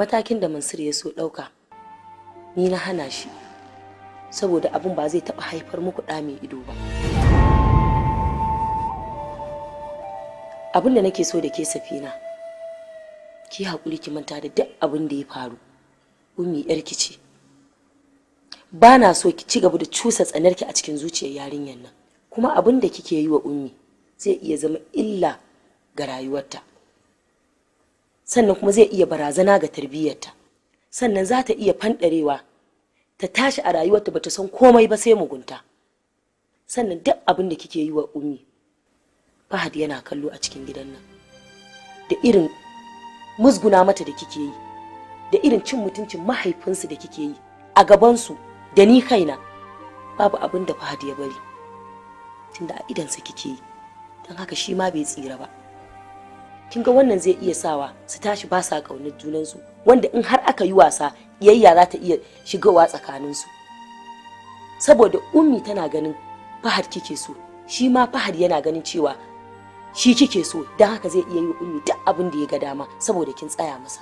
matakin da mansur ya so ɗauka ni na hana shi saboda abun ba zai taɓa haifar muku ɗa mai ido ba abin da nake so da ke safina ki haƙuri ki manta da duk abun da ya faru umi yarki ce ba na so ki ci gaba da cusa tsanarki a cikin zuciyar yarinyar nan kuma abun da kike yi wa ummi zai iya zama illa ga rayuwarta sannan kuma zai iya barazana ga tarbiyyarta sannan za ta iya fanɗarewa ta tashi a rayuwarta bata san komai ba sai mugunta sannan duk abin da kike yi wa ummi fahad yana kallo a cikin gidan nan da irin musguna mata da kike yi da irin cin mutuncin mahaifinsu da kike yi a gabansu da ni kaina babu abin da fahad ya bari tunda a idansa kike yi don haka shi ma bai tsira ba kin ga wannan zai iya sawa su tashi ba sa ƙaunar junansu wanda in har aka yi wasa iyayya za ta iya shigowa tsakaninsu saboda ummi tana ganin fahad kike so shi ma fahad yana ganin cewa shi kike so don haka zai iya yi ummi duk abin da ya ga dama saboda kin tsaya masa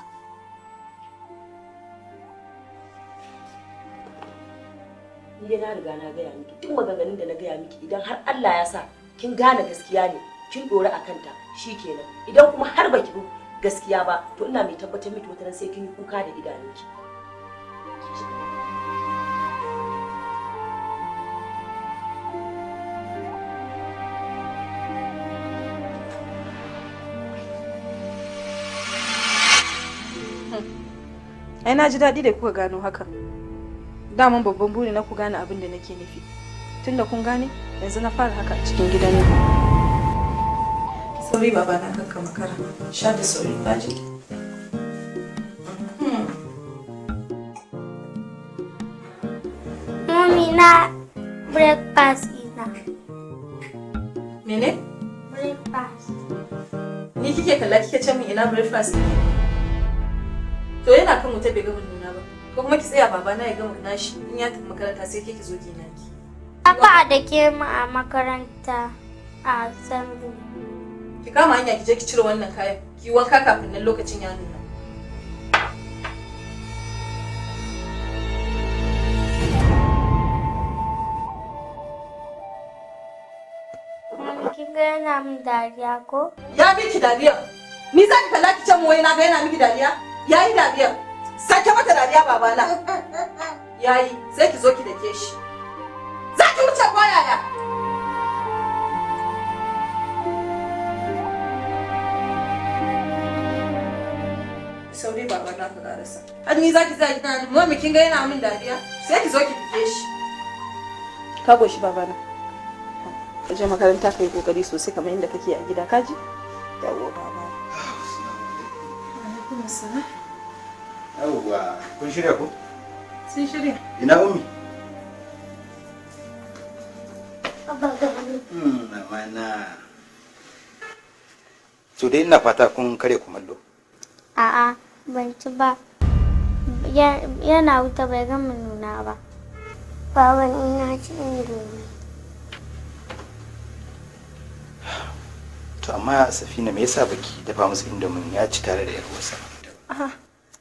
ni dai na riga na gaya miki duk maganganun da na gaya miki idan har Allah ya sa kin gane gaskiya ne kin dora a kanta shikenan idan kuma har baki bi gaskiya ba to ina mai tabbatar miki wata sai kin yi kuka da idanunki Ai na ji daɗi da kuka gano haka Daman babban buri na ku gane abin da nake nufi. Tunda kun gane, yanzu na fara haka cikin gidan ne. sauri baba na kanka makara sha da sauri baji Mami na breakfast ina. Mene? Breakfast. Ni kike kalla kike ce min ina breakfast ne? To yana kan wuta bai gama nuna ba. Ko kuma ki tsaya baba na ya gama nashi in ya tafi makaranta sai kike ki zo ki naki. Ba da ke ma a makaranta a Zambu. ki kama hanya ki je ki cire wannan kayan ki wanka kafin nan lokacin ya nuna kin ga yana min dariya ko ya miki dariya ni zan kalla ki can wai na ga yana miki dariya yayi dariya sake mata dariya babana yayi sai ki zo ki dake shi za ki wuce ko yaya saurayi baba na ku rasa azumi zaki zaki gidan mu mu kin ga yana min dariya sai ki zo ki buge shi ka goshi baba na ka je makaranta kai kokari sosai kamar yadda kake a gida kaji yawo baba alaikum assalam yawwa kun shirya ko sun shirya ina ummi hmm, Mana. To dai ina fata kun kare kumallo. A'a. ban ci ba yana wuta bai gama nuna ba baban ina ci indomi to amma safina me yasa baki dafa musu indomin ya ci tare da yar uwarsa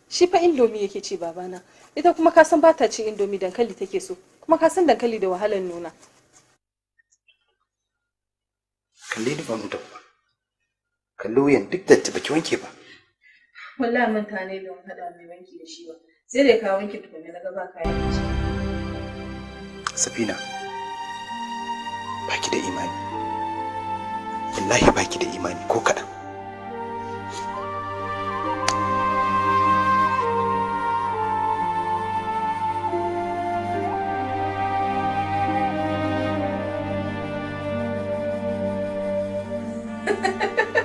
shi fa indomi yake ci babana ita kuma ka san bata cin indomi dankali take so kuma ka san dankali da wahalar nuna kalli ni ba mu da kalli wuyan duk da ta baki wanke ba wallahi ta ne da haɗa mai wanki da shi ba sai dai ka wanki tukunna na gaba kayan ciki safina baki da imani wallahi baki da imani ko kaɗan Ha ha ha.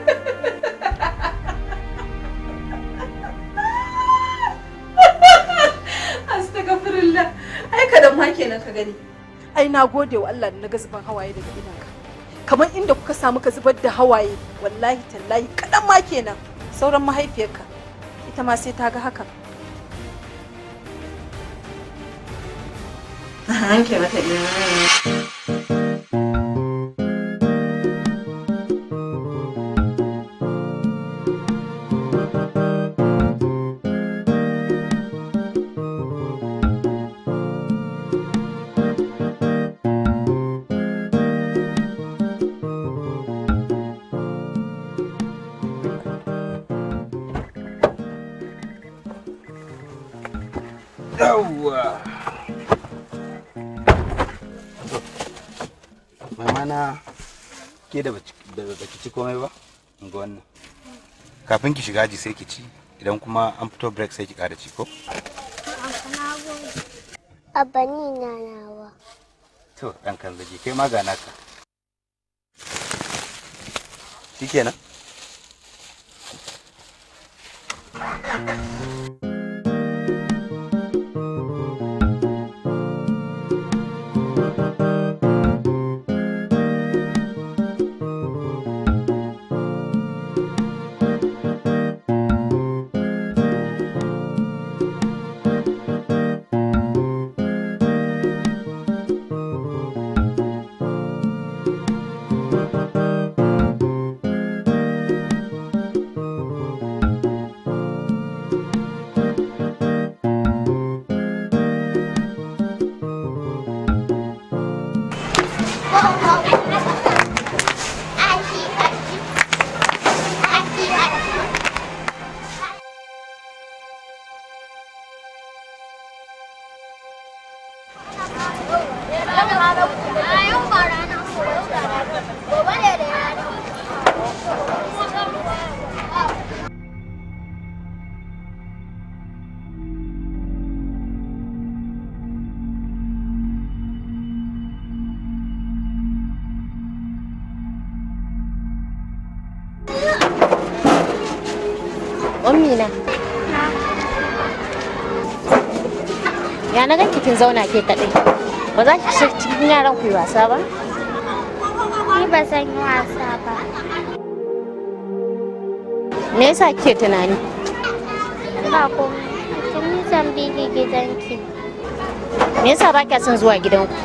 gani ai na gode wa Allah na ga zuban hawaye daga idanka kamar inda kuka samu ka zubar da hawaye wallahi tallahi kaɗan ma kenan sauran mahaifiyarka ita ma sai ta ga haka Hanke mata ci komai ba ga wannan kafin ki shiga aji sai ki ci idan kuma an fito break sai ki kara ci ko abani na nawa to dan kan zaje kai ma ga naka shikenan zauna ke kaɗai ba za ki shi cikin yaran ku yi wasa ba ni ba san yi wasa ba me yasa kike tunani ba ko kin san biki gidanki me yasa ba kya son zuwa gidanku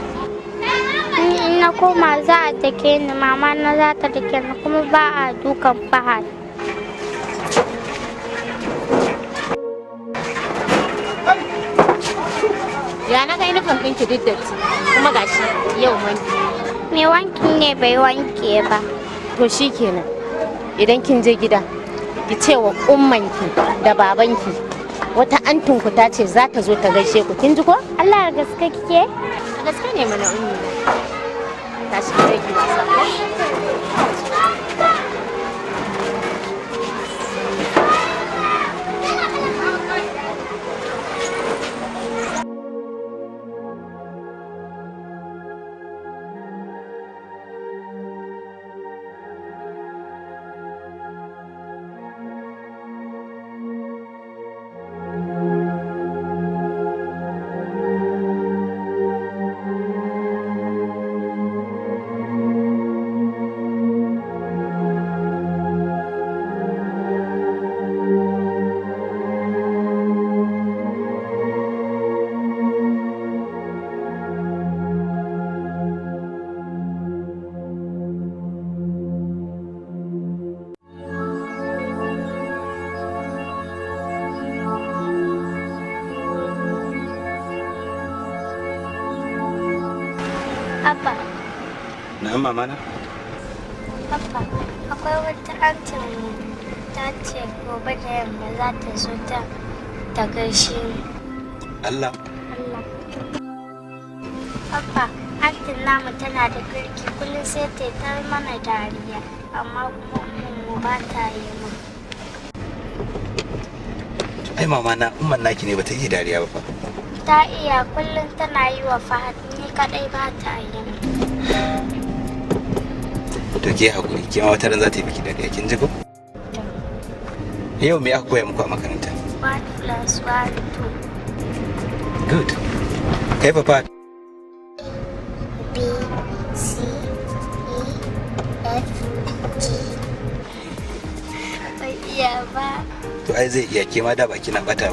in na koma za a take ni mama na za ta take ni kuma ba a dukan fahad uniform ɗinki ki datti kuma gashi yau wanki me wanki ne bai wanke ba to shikenan idan kin je gida ki ce wa ummanki da babanki wata antinku ta ce za ta zo ta gaishe ku kin ji ko Allah ya gaske kike gaske ne mana ummi tashi ki ki wasa An mama Papa, akwai wata antin mu ta ce gobe da yamma za ta zo ta ta gaishe mu. Allah. Allah. Papa, antin namu tana da girki kullum sai ta ta mana dariya amma kuma mu ba ta yi mu. Ai mama na umman naki ne ba bata iya dariya ba fa. Ta iya kullum tana yi wa Fahad ni kadai ba ta yi. kutokea take hakuri ke ma wata ran kinjiko ta yi miki dariya kin ji yau me aka a plus one good kai papa b c e f g ba ba to ai zai iya ke ma bata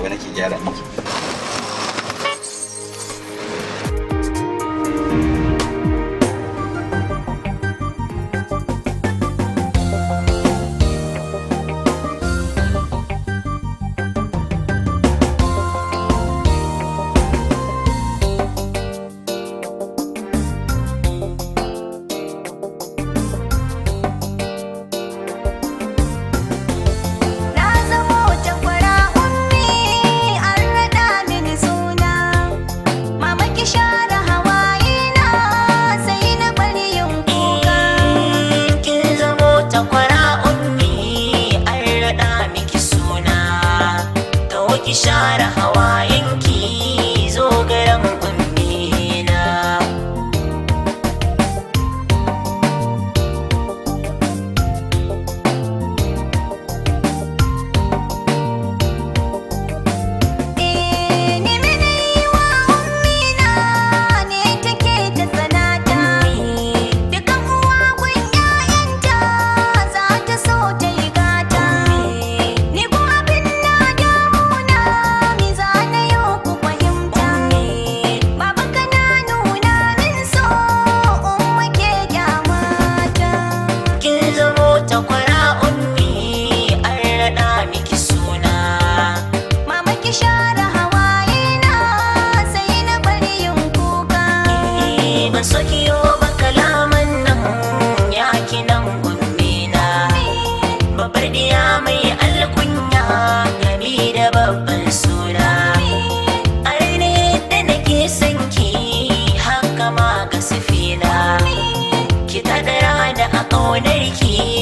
da ke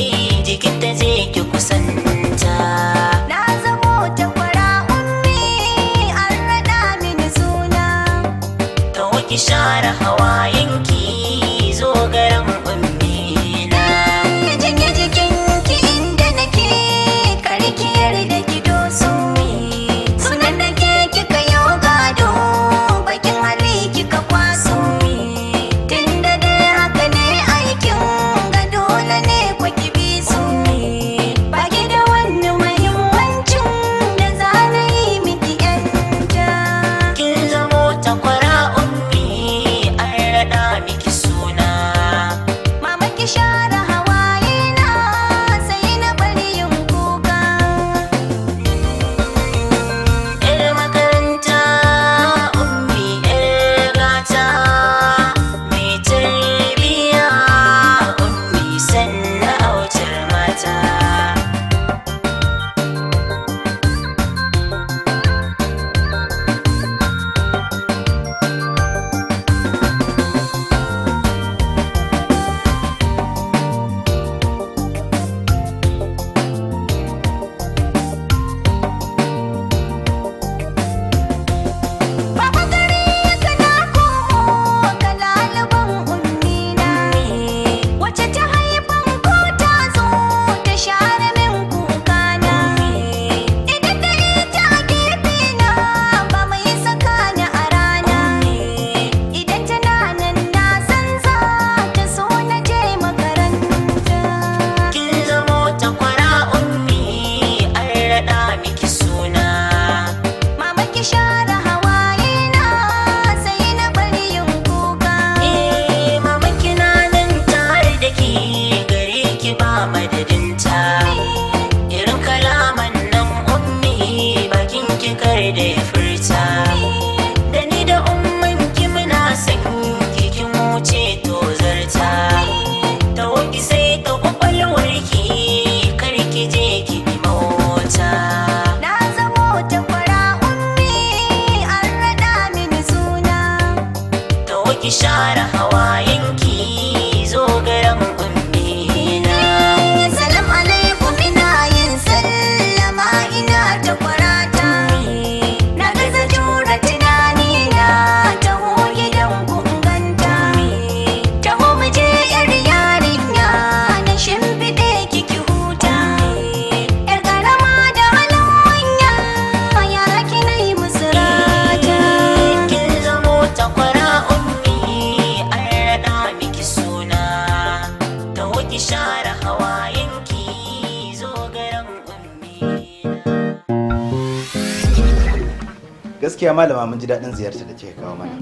gaskiya malama mun ji daɗin ziyartar da kika kawo mana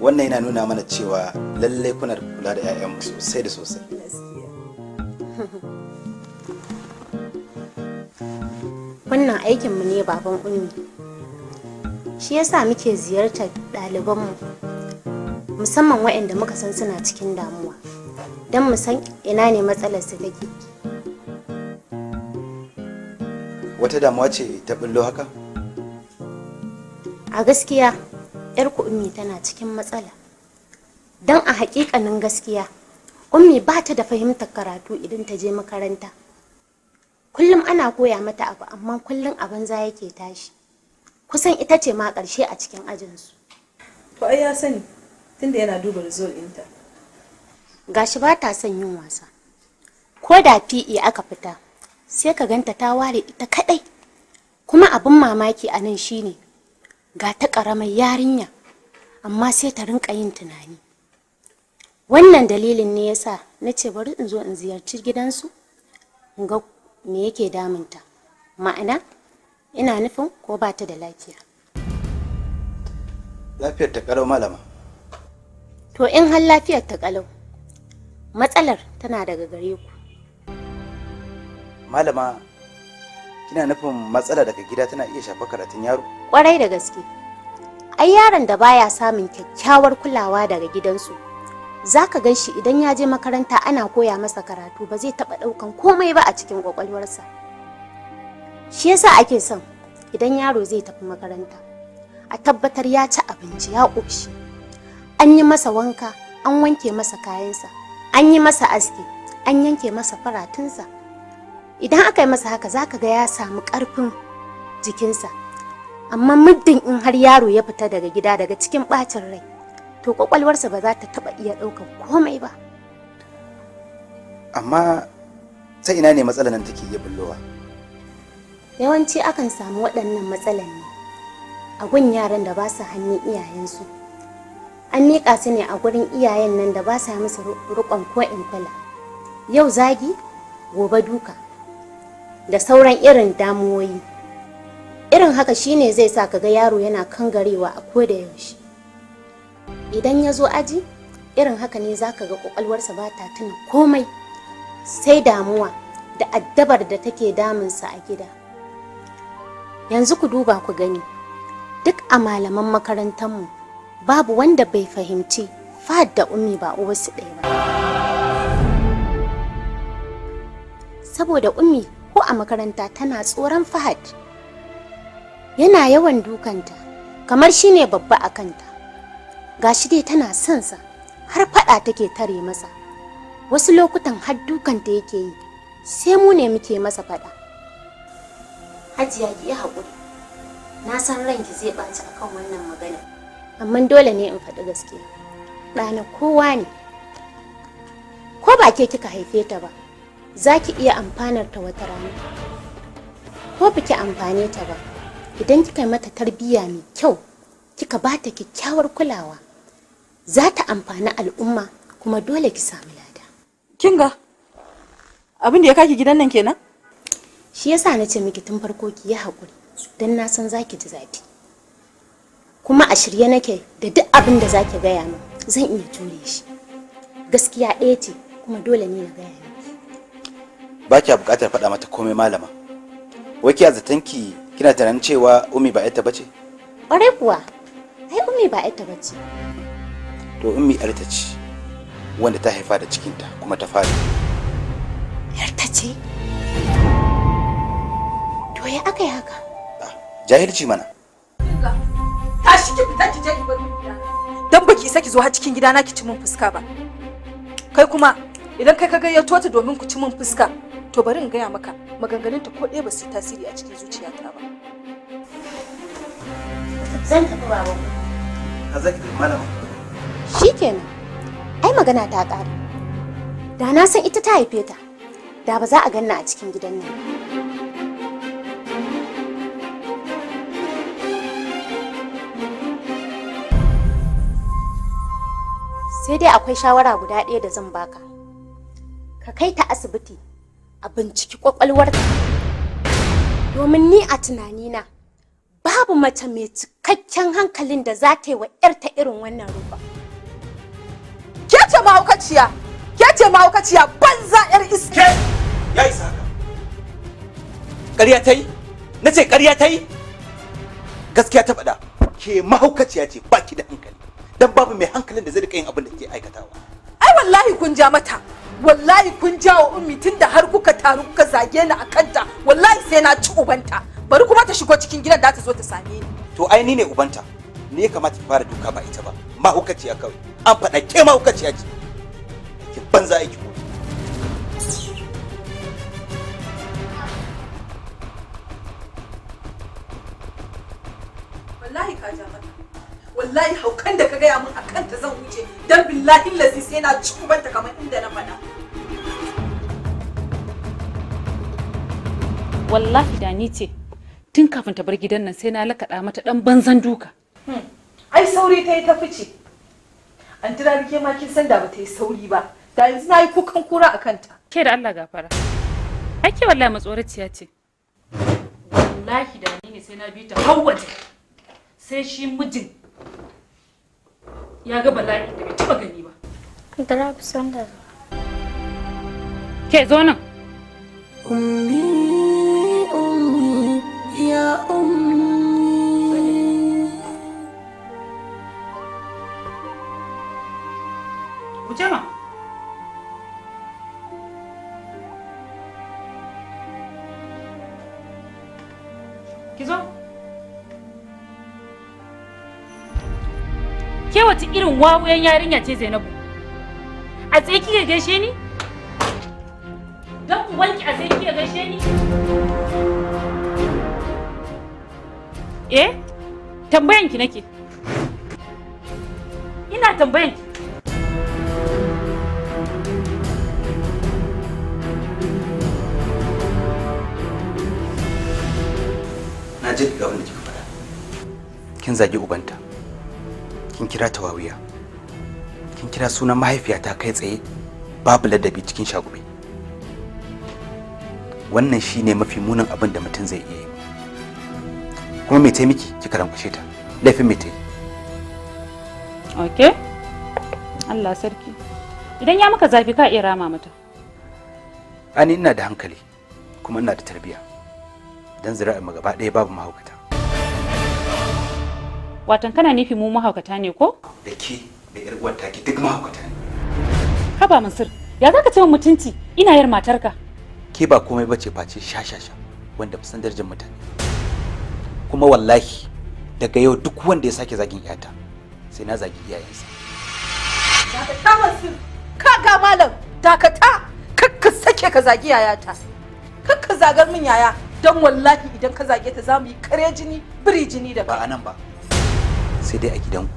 wannan yana nuna mana cewa lalle kuna kula da 'ya'yanmu sosai da sosai wannan aikinmu ne baban ummi shi yasa muke ziyartar ɗalibanmu musamman waɗanda muka san suna cikin damuwa don mu san ina ne matsalar su take wata damuwa ce ta bullo haka a gaskiya yar ku ummi tana cikin matsala don a haƙiƙanin gaskiya ummi ba ta da fahimtar karatu idan ta je makaranta kullum ana koya mata abu amma kullum a banza yake tashi kusan ita ce ma ƙarshe a cikin ajinsu to ai ya sani tunda yana duba result ɗinta gashi ba ta son yin wasa ko da PE aka fita sai ka ganta ta ware ita kaɗai. kuma abin mamaki a nan shine ga ta ƙaramar yarinya amma sai ta rinka yin tunani wannan dalilin ne yasa na ce bari in zo in ziyarci gidansu in ga me yake damunta ma'ana ina nufin ko ba ta da lafiya lafiyar ta malama to in har lafiyar ta kalau matsalar tana daga gare ku malama kina nufin matsala daga gida tana iya shafa karatun yaro kwarai da gaske ai yaron da baya samun kyakkyawar kulawa daga gidansu za ka gan shi idan ya je makaranta ana koya masa karatu ba zai taɓa ɗaukan komai ba a cikin ƙwaƙwalwarsa shi yasa ake son idan yaro zai tafi makaranta a tabbatar ya ci abinci ya ƙoshi an yi masa wanka an wanke masa kayansa an yi masa aski an yanke masa faratunsa idan aka yi masa haka za ka ga ya samu ƙarfin jikinsa amma muddin in har yaro ya fita daga gida daga cikin ɓacin rai to ƙwaƙwalwarsa ba za ta taɓa iya ɗaukar komai ba amma ta ina ne matsalar nan take iya bullowa yawanci akan samu waɗannan matsalar ne a gun yaran da ba su hannun iyayensu an miƙa su ne a gurin iyayen nan da ba sa musu riƙon ko in kula yau zagi gobe duka da sauran irin damuwoyi irin haka shine zai sa kaga yaro yana kangarewa a koda yaushe idan ya zo aji irin haka ne za ga kwakwalwarsa ba ta tuna komai sai damuwa da addabar da take damunsa a gida yanzu ku duba ku gani duk a malaman mu babu wanda bai fahimci fad da umi ba uwarsu ɗaya ba saboda umi a makaranta tana tsoron Fahad. Yana yawan dukanta, kamar shi ne babba a kanta. Gashi dai tana son sa, har faɗa take tare masa. Wasu lokutan har dukanta yake yi, sai mu ne muke masa fada Hajiya ki yi haƙuri, na san ranki zai ɓaci akan wannan magana. Amma dole ne in faɗi gaskiya. Ɗana kowa ne, ko ba ke kika haife ta ba. za ki iya amfanar ta wata rana ko biki amfane ta ba idan kika mata tarbiyya mai kyau kika ba ta kyakkyawar kulawa za ta amfani al'umma kuma dole ki samu lada kinga abin da ya kaki gidan nan kenan shi yasa na ce miki tun farko ki yi hakuri don na san zaki ji zafi kuma a shirye nake da duk abin da zaki gaya min zan iya jure shi gaskiya ɗaya ce kuma dole ne na gaya ba kya buƙatar faɗa mata komai malama wai ki zatanki kina tunanin cewa umi ba yarta bace ƙwarai kuwa ai umi ba yarta bace to umi yarta ce wanda ta haifa da cikinta kuma ta fara yarta ce to ya aka yi haka ah, jahilci mana tashi ki fita ki je ki bar dan baki isa ki zo har cikin gidana ki ci mun fuska ba kai kuma idan kai ka gayyato ta domin ku ci mun fuska to bari in gaya maka maganganunta ko ɗaya ba su tasiri a cikin zuciyata ba zan tafi ba. a zaki da malama shikenan ai magana ta ƙare da na san ita ta haife ta da ba za a ganna a cikin gidan nan sai dai akwai shawara guda ɗaya da zan baka ka kai ta asibiti a binciki kwakwalwarta domin ni a tunanina babu mace mai cikakken hankalin da za ta yi wa 'yarta irin wannan rufa. Ke ce mahaukaciya, ke ce mahaukaciya banza 'yar iske. Ke ya isa haka. Ƙarya ta yi, na ce ƙarya ta yi. Gaskiya ta faɗa, ke mahaukaciya ce baki da hankali, don babu mai hankalin da zai riƙa yin abin da ke aikatawa. Ai wallahi kun ja mata. wallahi kun jawo ummi tunda har kuka taru kuka zage ni a kanta wallahi sai na ci ubanta bari kuma ta shigo cikin gidan da ta zo ta same ni to ai ni ne ubanta ne kamata ki fara duka ba ita ba ma ya kawai an faɗa ke ma ya ce ki banza aiki wallahi haukan da ka gaya min akan ta zan wuce dan billahi lazi sai na ci kamar inda na fada. wallahi da ni ce tun kafin ta bar gidan nan sai na lakaɗa mata ɗan banzan duka hmm. ai sauri ta yi ta fice an tira rike ma kin san da ba ta yi sauri ba da yanzu na yi kukan kura a kanta ke da Allah gafara ake wallahi matsoraciya ce wallahi da ni ne sai na bi ta hawaje sai shi mijin ya ga bala'i da bai taba gani ba. Drop sandal. Ke zo nan. Ummi ummi ya ummi. Wuce ma. ci irin wawayen yarinya ce Zainabu? A tsaye kike gaishe ni? Don uwanki a tsaye kike gaishe ni? Eh? Tambayan ki nake. Ina tambayanki. Na ji ga da kika faɗa. Kin zagi ubanta. kin kira tawawiya kin kira sunan mahaifiyata kai tsaye babu ladabi cikin shagube wannan shine mafi munin abin da mutum zai iya yi kuma me ta miki kika rankwashe ta laifin me ta yi okay Allah sarki idan ya maka zafi ka iya rama mata ani ina da hankali kuma ina da tarbiya dan zira'in gaba ɗaya babu mahaukata Watan kana nufi mu mahaukata ne ko? Da ke da ƴar uwar ki duk mahaukata ne. Haba Mansur, ya zaka ce mutunci ina yar matarka? Ke ba komai bace face sha wanda ba san darajar mutane. Kuma wallahi daga yau duk wanda ya sake zagin iyata sai na zagi iyayensa. Dakata Mansur, kaga malam, dakata, kakka sake ka zagi yayata. Kakka zagar min yaya, don wallahi idan ka zage ta za mu yi kare jini, biri jini da ba. Ba anan ba. sai dai a gidanku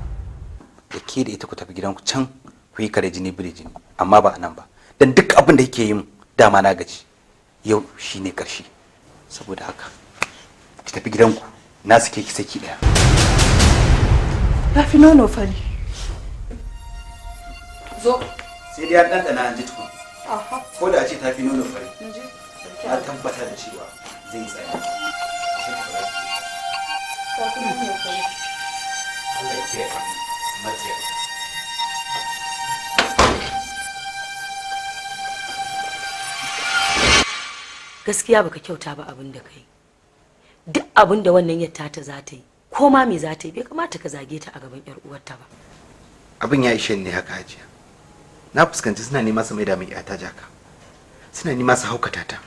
da ke da ita ku tafi gidanku can ku yi kare jini bile jini amma ba a nan ba dan duk abin da yake yin dama na gaji yau shi ne ƙarshe saboda haka ki tafi gidanku na suke ki saki ɗaya rafi nono fari zo sai dai an ɗanɗana an ji tukun ko da a ce tafi nono fari na tabbata da cewa zai tsaya Thank you. gaskiya baka kyauta ba abin da duk abin wannan yatta ta za ta yi ko ma me za ta yi bai kamata ka zage ta a gaban yar uwarta ba abin ya ishe ne haka hajiya na fuskanci suna nema su mai da mai yata jaka suna nema su haukata ta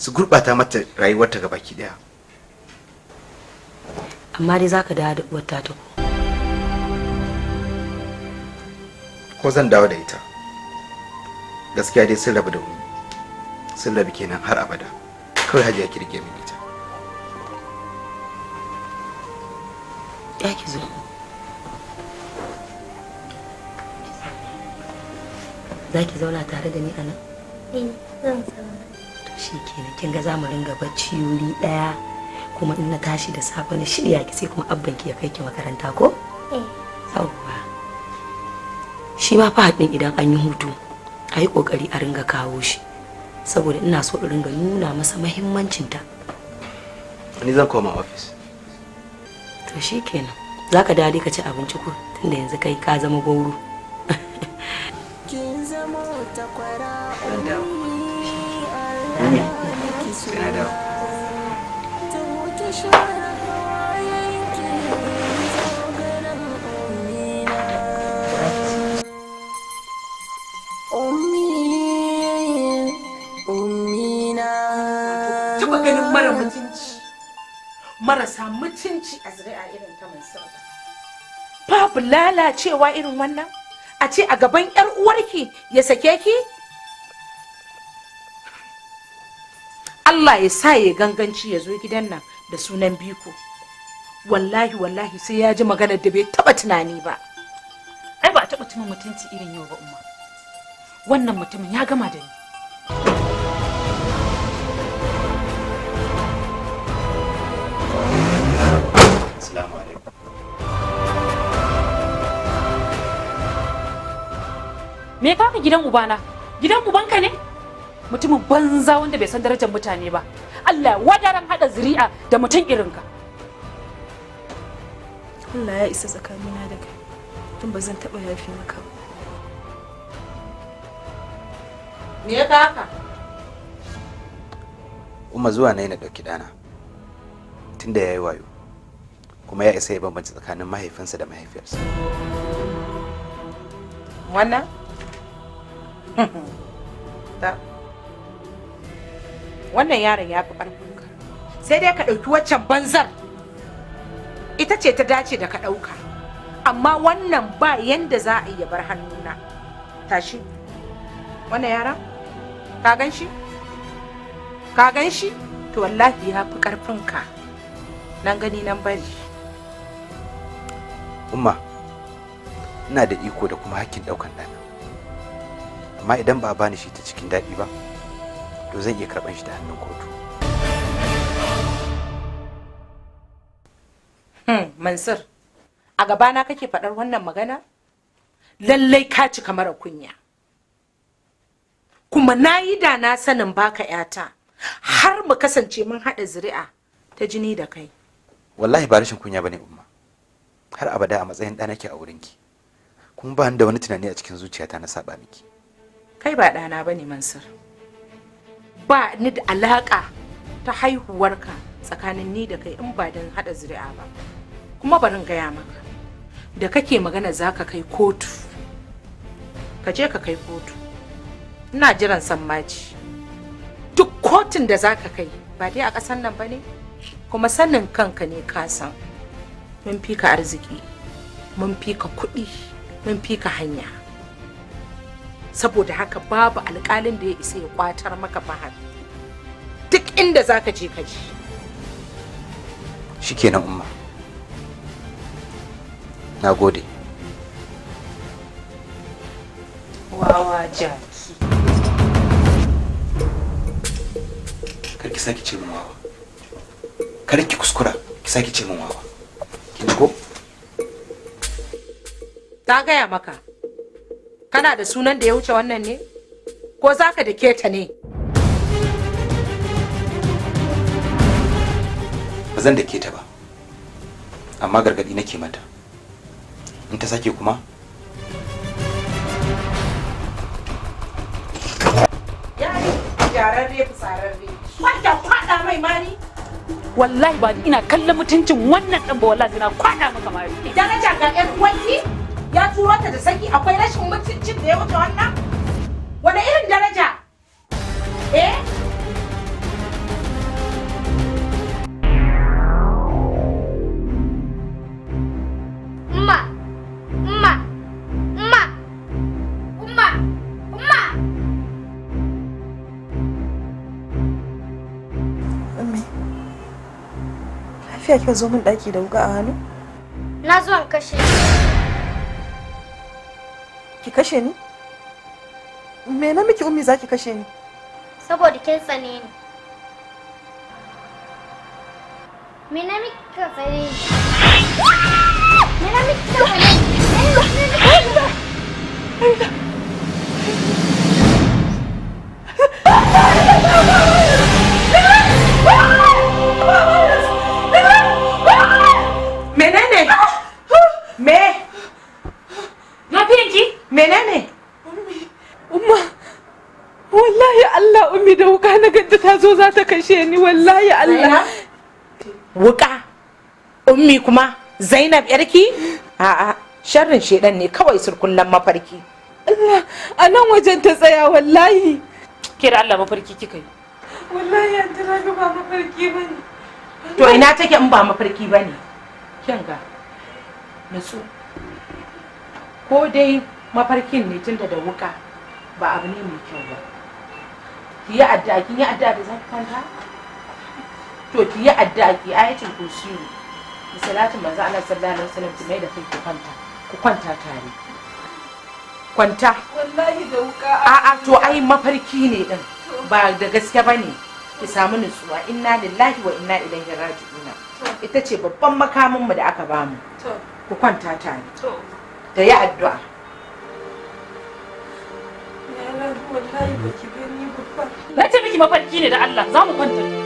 su gurbata mata rayuwarta gabaki daya amma dai zaka dawo da uwarta ta ko ko zan dawo da ita gaskiya dai sun rabu da mu sun rabu kenan har abada kawai hajiya ya kirge min ita ya ki zo za ki zauna tare da ni a nan? Eh, zan zauna. To shi kenan kin ga zamu ringa bacci wuri ɗaya kuma in na tashi da safe na shirya ki sai kuma abban ki ya kai ki makaranta ko? Eh. sauwa shi ma fa haɗin idan an yi hutu a yi ƙoƙari a ringa kawo shi saboda ina so in ringa nuna masa mahimmancinta ni zan koma ofis to shi kenan za ka dade ka ci abinci ko tunda yanzu kai ka zama gauru kin marasa mutunci a a irin ta mai sauka. babu lalacewa irin wannan a ce a gaban yar uwarki ya sake ki Allah ya sa ya ganganci ya zo gidan nan da sunan biko wallahi wallahi sai ya ji maganar da bai taba tunani ba ai ba taba tunan mutunci irin yau ba umma wannan mutumin ya gama da ni me ka ka gidan ubana gidan ubanka ne mutumin banza wanda bai san darajar mutane ba Allah wadaran hada zuri'a da mutum irinka Allah ya isa tsakanina da kai tun ba zan taba yafi maka ba me ya haka kuma zuwa na na ɗauki tun tunda ya yi wayo kuma ya isa ya bambanta tsakanin mahaifinsa da mahaifiyarsa wannan wannan yaron ya fi ƙarfinka sai dai ka ɗauki waccan banzar ita ce ta dace da ka ɗauka amma wannan ba yanda za a iya bar hannuna tashi wannan yaron ka gan shi ka gan shi to wallahi ya fi ƙarfinka nan gani nan bari umma ina da iko da kuma hakkin daukan ɗana amma idan ba bani shi ta cikin daɗi ba to zan iya karɓan shi ta hannun kotu hmm, mansur a gabana kake faɗar wannan magana lallai ka cika mara kunya kuma na yi da na sanin baka yata har mu kasance mun haɗa zuri'a ta jini da kai wallahi ba rashin kunya ba bane umma har abada a matsayin ɗa nake a wurinki kuma ba da wani tunani a cikin zuciyata na saba miki kai ba ɗana ba ne mansur ba ni da alaƙa ta haihuwarka tsakanin ni da kai in ba don haɗa zuri'a ba kuma barin gaya maka da kake magana za ka kai kotu ka je ka kai kotu ina jiran sammaci duk kotun da za ka kai ba dai a ƙasan nan ba ne kuma sanin kanka ne ka san mun fi ka arziki mun fi ka kuɗi mun fi ka hanya saboda haka babu alƙalin da ya isa ya kwatar maka fahar duk inda za ka je ka ji shikenan umma na gode wawa jaki karki sake ce min wawa karki kuskura ki sake ce min wawa ko ta gaya maka kana da sunan da ya wuce wannan ne ko za ka da ta ne ba zan da ta ba amma gargadi nake mata in ta sake kuma yari gyararre fitsararre wanda kwada mai mani wallahi ba ina kallon mutuncin wannan ɗan ba wallahi na kwada maka mari idan na jaga ƴan uwanki ya turo ta da saki akwai rashin mutuncin da ya wuce wannan wani irin daraja eh lafiya kika zo min daki da wuka a hannu? Na zo an kashe ki. Ki kashe ni? Me na miki ummi zaki kashe ni? Saboda kin tsane ni. Me na miki ka tsane ni? Me na miki ka tsane ni? mami da wuka na ganta ta zo za ta kashe ni wallahi Allah wuka ummi kuma Zainab yarki a'a sharrin shedan ne kawai surkullan mafarki Allah a nan wajen ta tsaya wallahi kira Allah mafarki kika yi wallahi an tana ba mafarki bane to ina take in ba mafarki bane kin ga nasu ko dai mafarkin ne tunda da wuka ba abu ne mai kyau ba ki yi addu'a ki yi addu'a da zan kwanta to ki yi addu'a ki ayatul kursi ki salatu manzo Allah sallallahu alaihi wasallam ki mai da kai ki kwanta ku kwanta tare kwanta wallahi da wuka a'a to ai mafarki ne din ba da gaske bane ki samu nutsuwa inna lillahi wa inna ilaihi raji'un ita ce babban makamin mu da aka bamu ku kwanta tare da yi addu'a wallahi Na ce miki mafarki ne da Allah za mu kwanta.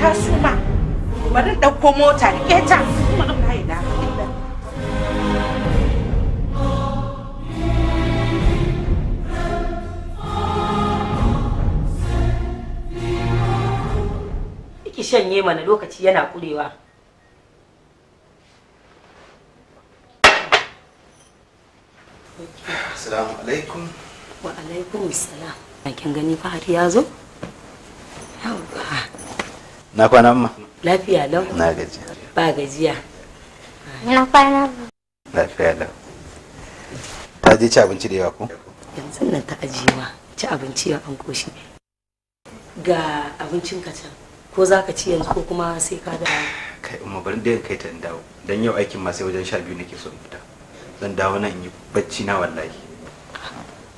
ta suma bari ɗauko mota rike ta kuma Allah ya dafa Ki shanye mana lokaci yana kurewa. Assalamu alaikum. Wa alaikum salam. Kin gani Fahad ya zo? na kwana ma lafiya lau na gajiya ba gajiya na kwana lafiya lau ta je ci abinci da yawa ko yanzu nan ta ajiyewa ci abinci ya an koshi ga abincin ka can ko za ka ci yanzu ko kuma sai ka da kai umma bari da kai ta dawo dan yau aikin ma sai wajen sha biyu nake so in fita zan dawo nan in yi bacci na wallahi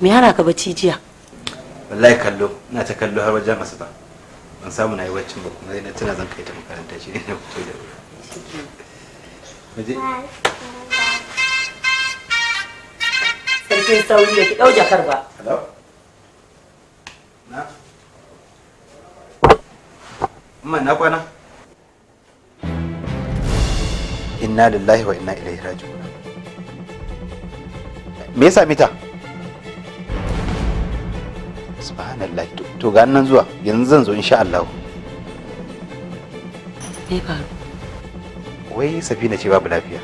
me yana ka bacci jiya wallahi kallo ina ta kallo har wajen asuba ban samu na yi waccan ba kuma na tuna zan kai ta makaranta shi ne na fito da wuri sarkin sauri da ki ɗau jakar ba na amma na kwana inna lillahi wa inna ilaihi raji'un me yasa mita subhanallah to ga nan zuwa yanzu zan zo insha Allah me faru wai safina ce babu lafiya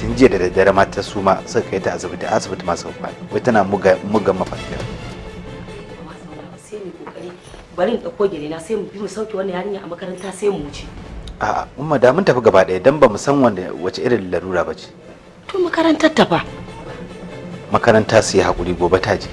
tun jiya da daddare ma ta suma suka kai ta asibiti asibiti ma sun wai tana muga muga mafarkiya bari in dauko gele na sai mu bi mu sauke wannan yarinya a makaranta sai mu wuce a'a umma da mun tafi gaba daya dan ba mu san wanda wace irin larura ba ce to makarantar ta fa makaranta su yi hakuri gobe ta je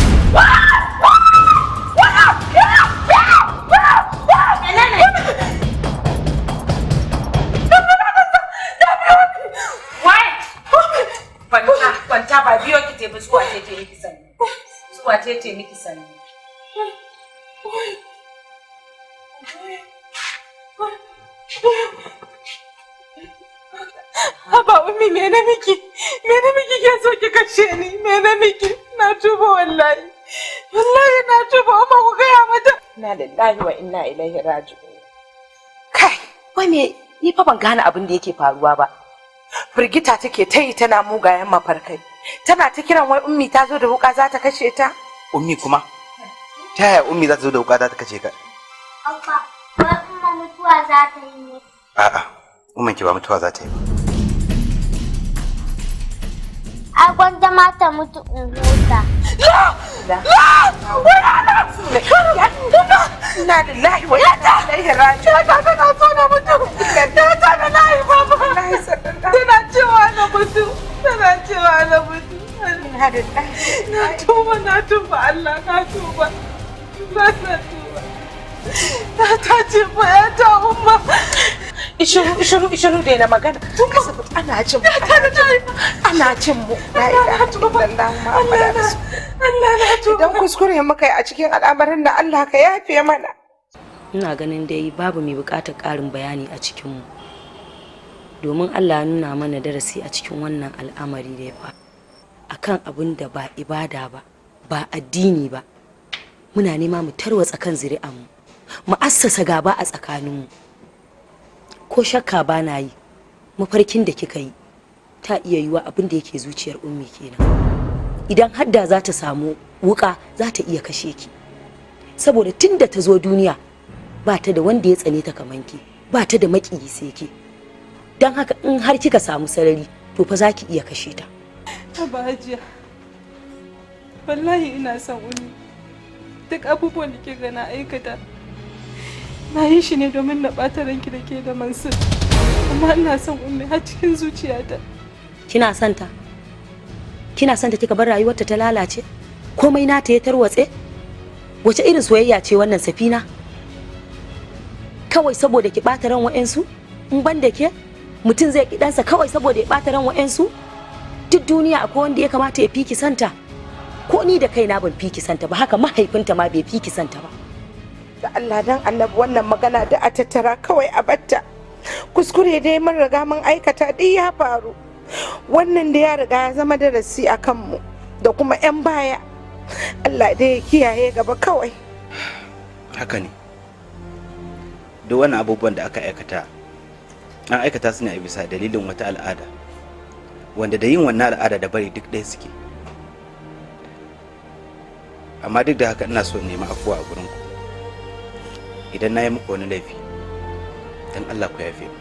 ce ce miki sani. Haba umi me na miki? Me miki ke so ki kashe ni? Me na miki? Na tuba wallahi. Wallahi na tuba amma ku gaya mata. Ina lillahi wa inna ilaihi raji'un. Kai, wai me ni fa ban gane abin da yake faruwa ba. Firgita take ta yi tana mugayen mafarkai. Tana ta kiran wai ummi ta zo da wuka za ta kashe ta. ummi kuma ta yaya ummi za ta zo da wuka za ta kace ka ba mutuwa za ta yi a'a umman ki ba mutuwa za ta yi ba a gwanda ma ta mutu in huta la na lahi yata lahi ta mutu ta ta na lahi tana cewa na mutu tana cewa na mutu Na tuba, na tuba Allah, na tuba. Na na tuba. Na ta ce ba ya ta umma. Ishuru, ishuru, ishuru dai na magana. Kasa fita ana cin mu. Ana cin mu. Na ila na tuba, Allah na tuba. Idan kuskure muka yi a cikin al'amarin da Allah ka yafe mana. Ina ganin dai babu mai buƙatar ƙarin bayani a cikinmu. Domin Allah ya nuna mana darasi a cikin wannan al'amari da ya faru. akan abin da ba ibada ba ba addini ba muna nema mu tarwatsa kan zuri'anmu mu assasa gaba a tsakaninmu ko shakka ba na yi mafarkin da kika yi ta iya yiwa abin da yake zuciyar ummi kenan idan hadda za ta samu wuka za ta iya kashe ki saboda tun da ta zo duniya ba ta da wanda ya tsane ta kaman ki ba ta da maƙiyi sai ki don haka in har kika samu sarari to fa za ki iya kashe ta Haba Wallahi ina son umi. Duk abubuwan da ke gana aikata. Na yi shi ne domin na ɓata ranki da ke da Mansur. Amma ina son umi har cikin zuciyata. Kina son ta? Kina son ta kika bar rayuwarta ta lalace? Komai nata ya tarwatse? Wace irin soyayya ce wannan safina? Kawai saboda ki ɓata ran wa'ensu? In ban da ke? Mutum zai ki ɗansa kawai saboda ya ɓata ran wa'ensu? duk duniya akwai wanda ya kamata ya fi kisanta ko ni da kaina ban fi kisanta ba haka mahaifinta ma bai fi kisanta ba da Allah dan annabi wannan magana da a tattara kawai a batta kuskure dai mun riga mun aikata duk ya faru wannan da ya riga ya zama darasi a kanmu da kuma 'yan baya Allah dai ya kiyaye gaba kawai haka ne duk wani abubuwan da aka aikata an aikata su ne a bisa dalilin wata al'ada wanda da yin wannan al'ada da bari duk ɗaya suke amma duk da haka ina so nema afuwa a gurinku idan na yi muku wani laifi don allah ku yafe mu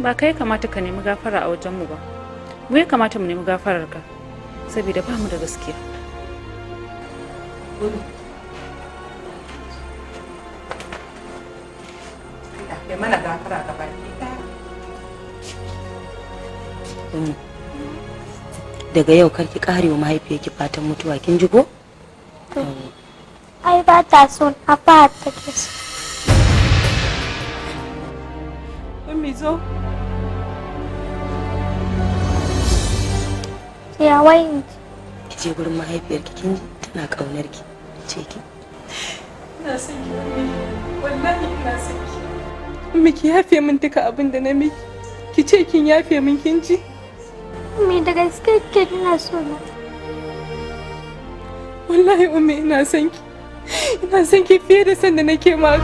ba kai kamata ka nemi gafara a wajenmu ba mu ya kamata mu nemi gafarar ka saboda ba mu da gaskiya mu daga yau kar ki karewa mahaifiyarki fatan mutuwa kin ji ko ai ba ta son a fata ta ke so zo ya wai ki je gurin mahaifiyarki kin ji tana kaunar ki ce ki ina son ki wallahi ina son ki ki yafe min duka abin da na miki ki ce kin yafe min kin ji Me da ina san ki. fiye da san nake ma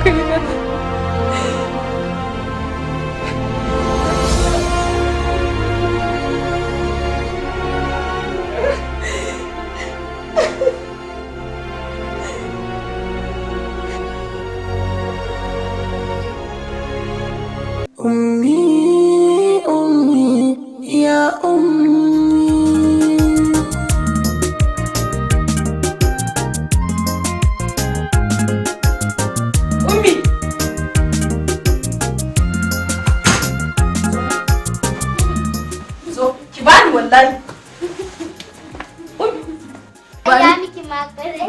wallahi ya miki makarai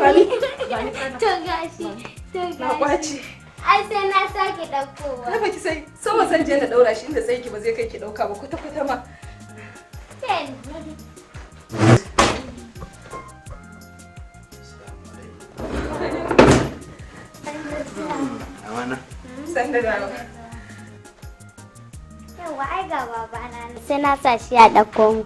ai sai na sake daukowa baki sai sama je na daura shi inda sai ki ba zai kai ki dauka ba kwata kwata ma Sai na sa shi a ɗauko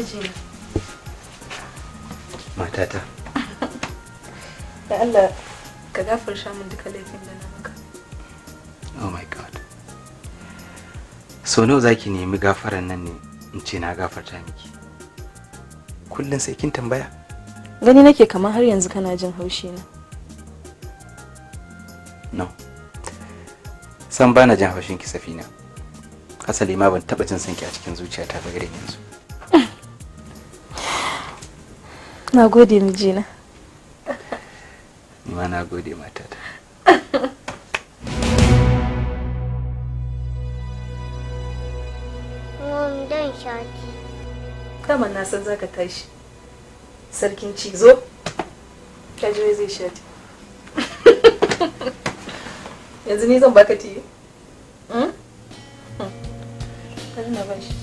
Mijina. Oh my God. So nawa zaki nemi gafaran nan ne in ce na gafarta miki. Kullum sai kin tambaya. Gani nake kamar har yanzu kana jin haushi na. No. San bana jin haushin ki Safina. Asali ma ban taba jin sanki a cikin zuciyata ba gare yanzu. na gode mijina ma na gode matata dan mm, shati kama na san zaka tashi sarkin ci zo ka je zai shati yanzu ni zan baka tiye hmm? hmm. na bashi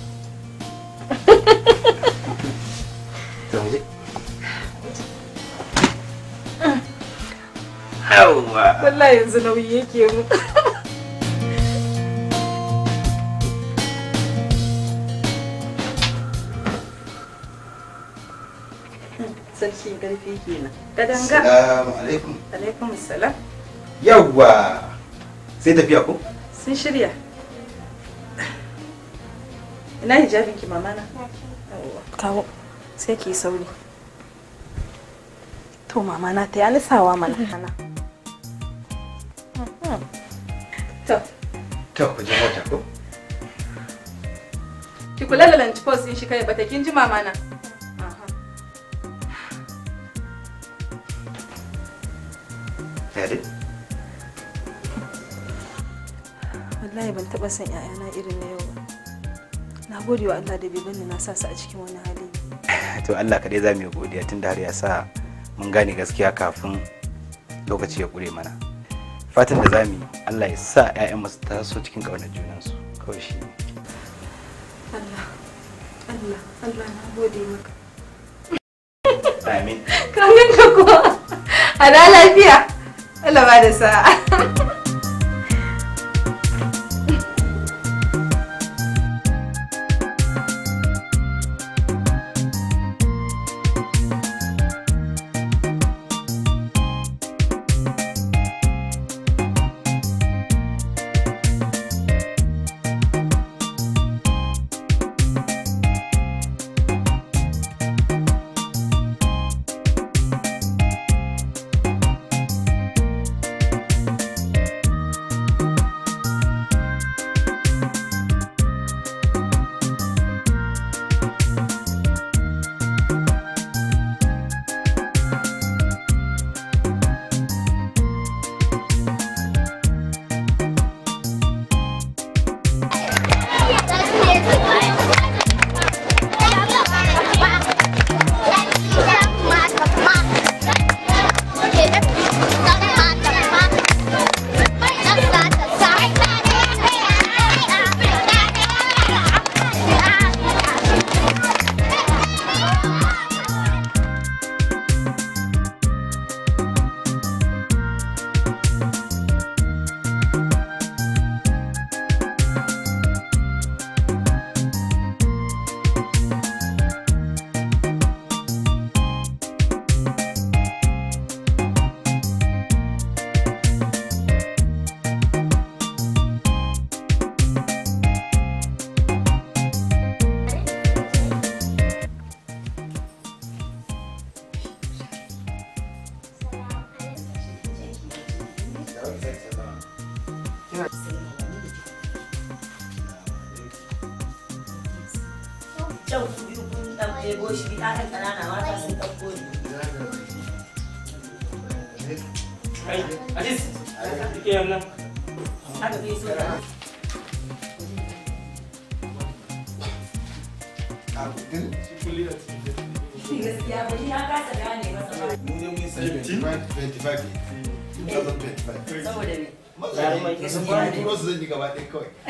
yawwa wallahi yanzu nauyi yake mu sarki garfi kenan kadanga assalamu alaikum alaikum assalam yawa sai tafiya ko sun shirya ina hijabin ki mama na kawo sai ki sauri to mama na ta yi alisawa mana To. Ki kula da lunch post din shi kai bata kin ji mama na. Wallahi ban taɓa son ‘ya'yana irin na yau ba. Na gode wa Allah da bai na sa su a cikin wani hali. To Allah kaɗai za mu yi godiya tun da har ya sa mun gane gaskiya kafin lokaci ya ƙure mana. fatan da zamu yi Allah ya sa ƴaƴan mu taso cikin ƙaunar junansu kawai shi ne Allah Allah Allah na gode maka amin ka ko ana lafiya Allah ba da sa'a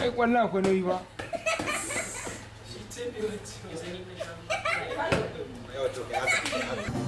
ai kwallon akwai nauyi ba Thank you.